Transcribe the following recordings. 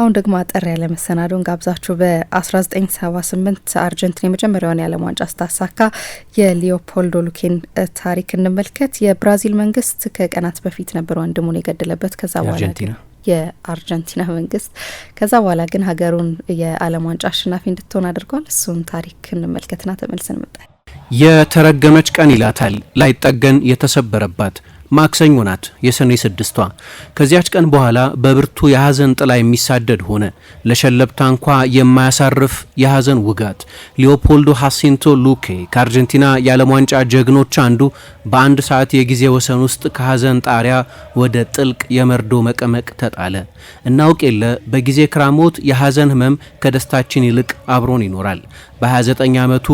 አሁን ደግሞ አጠር ያለ መሰናዶን ጋብዛችሁ በ1978 አርጀንቲና የመጀመሪያውን የዓለም ዋንጫ ስታሳካ የሊዮፖልዶ ሉኬን ታሪክ እንመልከት። የብራዚል መንግስት ከቀናት በፊት ነበር ወንድሙን የገደለበት። ከዛ በኋላ የአርጀንቲና መንግስት ከዛ በኋላ ግን ሀገሩን የዓለም ዋንጫ አሸናፊ እንድትሆን አድርጓል። እሱን ታሪክ እንመልከትና ተመልሰን መጣል። የተረገመች ቀን ይላታል ላይጠገን የተሰበረባት ማክሰኞ ናት የሰኔ ስድስቷ። ከዚያች ቀን በኋላ በብርቱ የሐዘን ጥላ የሚሳደድ ሆነ። ለሸለብታ እንኳ የማያሳርፍ የሐዘን ውጋት። ሊዮፖልዶ ሃሲንቶ ሉኬ ከአርጀንቲና የዓለም ዋንጫ ጀግኖች አንዱ በአንድ ሰዓት የጊዜ ወሰን ውስጥ ከሐዘን ጣሪያ ወደ ጥልቅ የመርዶ መቀመቅ ተጣለ። እናውቅ የለ በጊዜ ክራሞት የሐዘን ህመም ከደስታችን ይልቅ አብሮን ይኖራል። በ29 ዓመቱ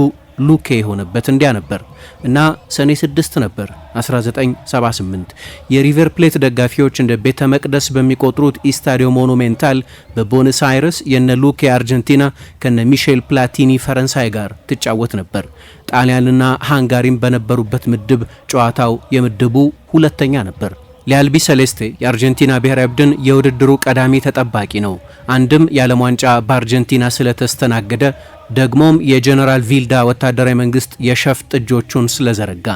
ሉኬ የሆነበት እንዲያ ነበር እና ሰኔ 6 ነበር 1978 የሪቨር ፕሌት ደጋፊዎች እንደ ቤተ መቅደስ በሚቆጥሩት ኢስታዲዮ ሞኑሜንታል በቦነስ አይረስ የነ ሉኬ አርጀንቲና ከነ ሚሼል ፕላቲኒ ፈረንሳይ ጋር ትጫወት ነበር። ጣሊያንና ሃንጋሪም በነበሩበት ምድብ ጨዋታው የምድቡ ሁለተኛ ነበር። ሊያልቢ ሰሌስቴ የአርጀንቲና ብሔራዊ ቡድን የውድድሩ ቀዳሚ ተጠባቂ ነው። አንድም የዓለም ዋንጫ በአርጀንቲና ስለተስተናገደ ደግሞም የጀነራል ቪልዳ ወታደራዊ መንግስት የሸፍጥ እጆቹን ስለዘረጋ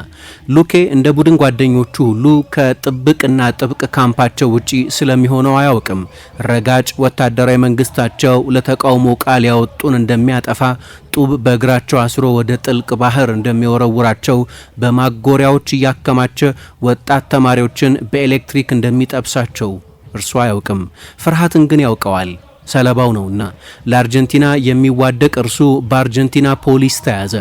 ሉኬ እንደ ቡድን ጓደኞቹ ሁሉ ከጥብቅና ጥብቅ ካምፓቸው ውጪ ስለሚሆነው አያውቅም። ረጋጭ ወታደራዊ መንግስታቸው ለተቃውሞ ቃል ያወጡን እንደሚያጠፋ ጡብ በእግራቸው አስሮ ወደ ጥልቅ ባህር እንደሚወረውራቸው በማጎሪያዎች እያከማቸ ወጣት ተማሪዎችን በኤሌክትሪክ እንደሚጠብሳቸው እርሱ አያውቅም። ፍርሃትን ግን ያውቀዋል። ሰለባው ነውና ለአርጀንቲና የሚዋደቅ እርሱ በአርጀንቲና ፖሊስ ተያዘ።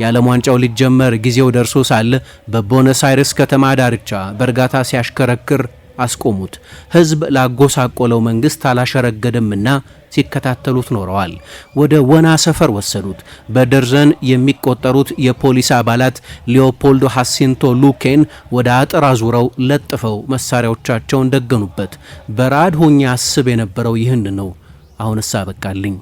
የዓለም ዋንጫው ሊጀመር ጊዜው ደርሶ ሳለ በቦነስ አይረስ ከተማ ዳርቻ በእርጋታ ሲያሽከረክር አስቆሙት። ሕዝብ ላጎሳቆለው መንግሥት አላሸረገደምና ሲከታተሉት ኖረዋል። ወደ ወና ሰፈር ወሰዱት። በደርዘን የሚቆጠሩት የፖሊስ አባላት ሊዮፖልዶ ሐሲንቶ ሉኬን ወደ አጥር አዙረው ለጥፈው መሳሪያዎቻቸውን ደገኑበት። በራድ ሆኜ አስብ የነበረው ይህን ነው አሁንስ አበቃልኝ።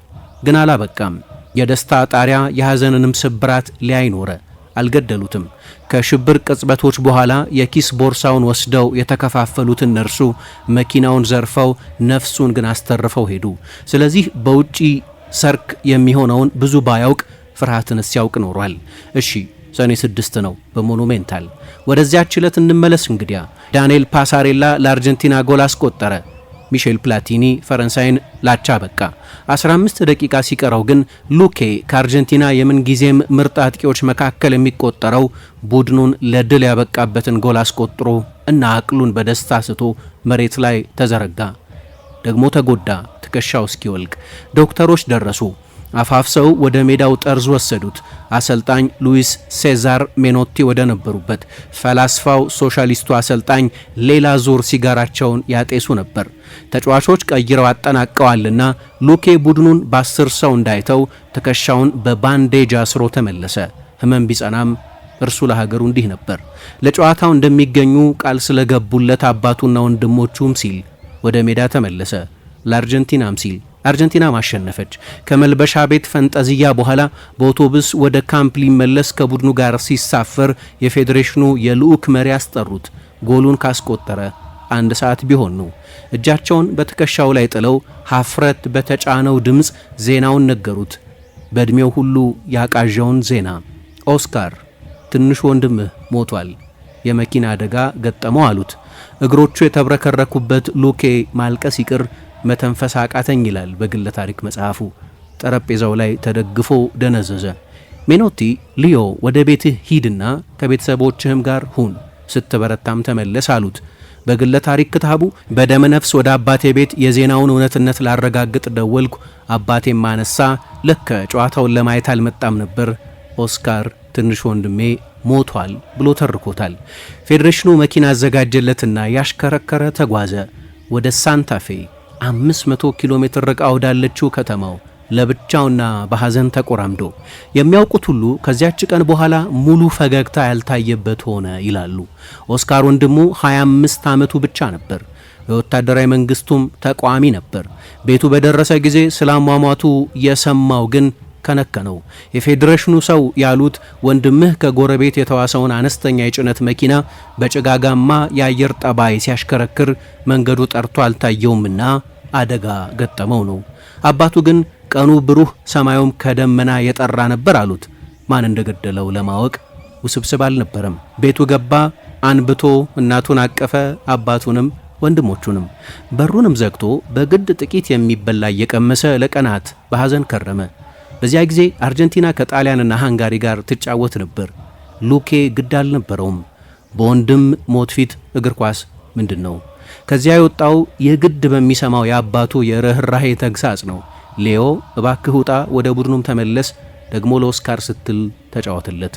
ግን አላበቃም። የደስታ ጣሪያ የሐዘንንም ስብራት ሊያይኖረ አልገደሉትም። ከሽብር ቅጽበቶች በኋላ የኪስ ቦርሳውን ወስደው የተከፋፈሉት እነርሱ መኪናውን ዘርፈው ነፍሱን ግን አስተርፈው ሄዱ። ስለዚህ በውጪ ሰርክ የሚሆነውን ብዙ ባያውቅ ፍርሃትን ሲያውቅ ኖሯል። እሺ ሰኔ ስድስት ነው በሞኑሜንታል። ወደዚያች ዕለት እንመለስ እንግዲያ። ዳንኤል ፓሳሬላ ለአርጀንቲና ጎል አስቆጠረ። ሚሼል ፕላቲኒ ፈረንሳይን ላቻ በቃ። 15 ደቂቃ ሲቀረው ግን ሉኬ ከአርጀንቲና የምንጊዜም ምርጥ አጥቂዎች መካከል የሚቆጠረው ቡድኑን ለድል ያበቃበትን ጎል አስቆጥሮ እና አቅሉን በደስታ ስቶ መሬት ላይ ተዘረጋ። ደግሞ ተጎዳ፣ ትከሻው እስኪወልቅ ዶክተሮች ደረሱ። አፋፍሰው ወደ ሜዳው ጠርዝ ወሰዱት። አሰልጣኝ ሉዊስ ሴዛር ሜኖቲ ወደ ነበሩበት ፈላስፋው ሶሻሊስቱ አሰልጣኝ ሌላ ዞር ሲጋራቸውን ያጤሱ ነበር። ተጫዋቾች ቀይረው አጠናቀዋልና ሉኬ ቡድኑን በአስር ሰው እንዳይተው ትከሻውን በባንዴጅ አስሮ ተመለሰ። ህመም ቢጸናም እርሱ ለሀገሩ እንዲህ ነበር። ለጨዋታው እንደሚገኙ ቃል ስለገቡለት አባቱና ወንድሞቹም ሲል ወደ ሜዳ ተመለሰ። ለአርጀንቲናም ሲል አርጀንቲና ማሸነፈች። ከመልበሻ ቤት ፈንጠዝያ በኋላ በአውቶቡስ ወደ ካምፕ ሊመለስ ከቡድኑ ጋር ሲሳፈር የፌዴሬሽኑ የልዑክ መሪ አስጠሩት ጎሉን ካስቆጠረ አንድ ሰዓት ቢሆን ነው። እጃቸውን በትከሻው ላይ ጥለው ሀፍረት በተጫነው ድምፅ ዜናውን ነገሩት። በዕድሜው ሁሉ ያቃዣውን ዜና ኦስካር ትንሽ ወንድምህ ሞቷል፣ የመኪና አደጋ ገጠመው አሉት። እግሮቹ የተብረከረኩበት ሉኬ ማልቀስ ይቅር መተንፈስ አቃተኝ ይላል በግለ ታሪክ መጽሐፉ። ጠረጴዛው ላይ ተደግፎ ደነዘዘ። ሜኖቲ ሊዮ ወደ ቤትህ ሂድና ከቤተሰቦችህም ጋር ሁን፣ ስትበረታም ተመለስ አሉት። በግለ ታሪክ ክታቡ በደመ ነፍስ ወደ አባቴ ቤት የዜናውን እውነትነት ላረጋግጥ ደወልኩ። አባቴም ማነሳ ለከ ጨዋታውን ለማየት አልመጣም ነበር። ኦስካር ትንሽ ወንድሜ ሞቷል ብሎ ተርኮታል። ፌዴሬሽኑ መኪና አዘጋጀለትና ያሽከረከረ ተጓዘ ወደ ሳንታፌ 500 ኪሎ ሜትር ርቃ ወዳለችው ከተማው ለብቻውና በሐዘን ተቆራምዶ የሚያውቁት ሁሉ ከዚያች ቀን በኋላ ሙሉ ፈገግታ ያልታየበት ሆነ ይላሉ። ኦስካር ወንድሙ 25 ዓመቱ ብቻ ነበር። የወታደራዊ መንግስቱም ተቋሚ ነበር። ቤቱ በደረሰ ጊዜ ስለ አሟሟቱ የሰማው ግን ከነከነው። የፌዴሬሽኑ ሰው ያሉት ወንድምህ ከጎረቤት የተዋሰውን አነስተኛ የጭነት መኪና በጭጋጋማ የአየር ጠባይ ሲያሽከረክር መንገዱ ጠርቶ አልታየውምና አደጋ ገጠመው ነው። አባቱ ግን ቀኑ ብሩህ፣ ሰማዩም ከደመና የጠራ ነበር አሉት። ማን እንደገደለው ለማወቅ ውስብስብ አልነበረም። ቤቱ ገባ፣ አንብቶ እናቱን አቀፈ፣ አባቱንም ወንድሞቹንም በሩንም ዘግቶ በግድ ጥቂት የሚበላ እየቀመሰ ለቀናት በሐዘን ከረመ። በዚያ ጊዜ አርጀንቲና ከጣሊያንና ሃንጋሪ ጋር ትጫወት ነበር። ሉኬ ግድ አልነበረውም። በወንድም ሞት ፊት እግር ኳስ ምንድን ነው? ከዚያ የወጣው የግድ በሚሰማው የአባቱ የርኅራሄ ተግሳጽ ነው። ሌዮ እባክህ ውጣ፣ ወደ ቡድኑም ተመለስ፣ ደግሞ ለኦስካር ስትል ተጫወትለት።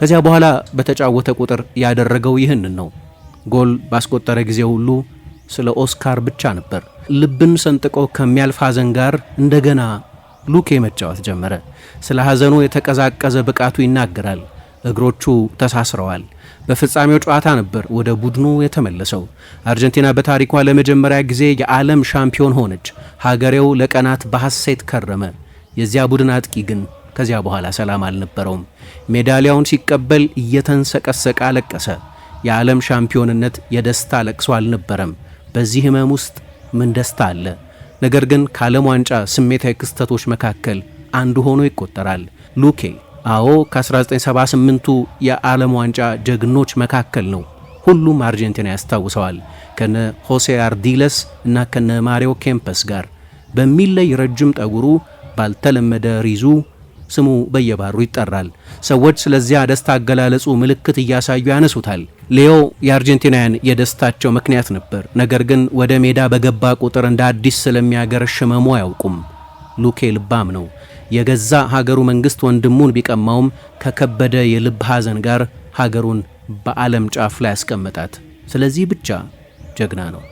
ከዚያ በኋላ በተጫወተ ቁጥር ያደረገው ይህንን ነው። ጎል ባስቆጠረ ጊዜ ሁሉ ስለ ኦስካር ብቻ ነበር። ልብን ሰንጥቆ ከሚያልፍ ሐዘን ጋር እንደገና ሉኬ መጫወት ጀመረ። ስለ ሐዘኑ የተቀዛቀዘ ብቃቱ ይናገራል። እግሮቹ ተሳስረዋል። በፍጻሜው ጨዋታ ነበር ወደ ቡድኑ የተመለሰው። አርጀንቲና በታሪኳ ለመጀመሪያ ጊዜ የዓለም ሻምፒዮን ሆነች። ሀገሬው ለቀናት በሐሴት ከረመ። የዚያ ቡድን አጥቂ ግን ከዚያ በኋላ ሰላም አልነበረውም። ሜዳሊያውን ሲቀበል እየተንሰቀሰቀ አለቀሰ። የዓለም ሻምፒዮንነት የደስታ ለቅሶ አልነበረም። በዚህ ህመም ውስጥ ምን ደስታ አለ? ነገር ግን ከዓለም ዋንጫ ስሜታዊ ክስተቶች መካከል አንዱ ሆኖ ይቆጠራል። ሉኬ አዎ ከ1978ቱ የዓለም ዋንጫ ጀግኖች መካከል ነው። ሁሉም አርጀንቲና ያስታውሰዋል። ከነ ሆሴ አርዲለስ እና ከነ ማሪዮ ኬምፐስ ጋር በሚለይ ረጅም ጠጉሩ ባልተለመደ ሪዙ ስሙ በየባሩ ይጠራል። ሰዎች ስለዚያ ደስታ አገላለጹ ምልክት እያሳዩ ያነሱታል። ሌዮ የአርጀንቲናውያን የደስታቸው ምክንያት ነበር። ነገር ግን ወደ ሜዳ በገባ ቁጥር እንደ አዲስ ስለሚያገር ሽመሙ አያውቁም። ሉኬ ልባም ነው። የገዛ ሀገሩ መንግስት ወንድሙን ቢቀማውም ከከበደ የልብ ሐዘን ጋር ሀገሩን በዓለም ጫፍ ላይ ያስቀመጣት። ስለዚህ ብቻ ጀግና ነው።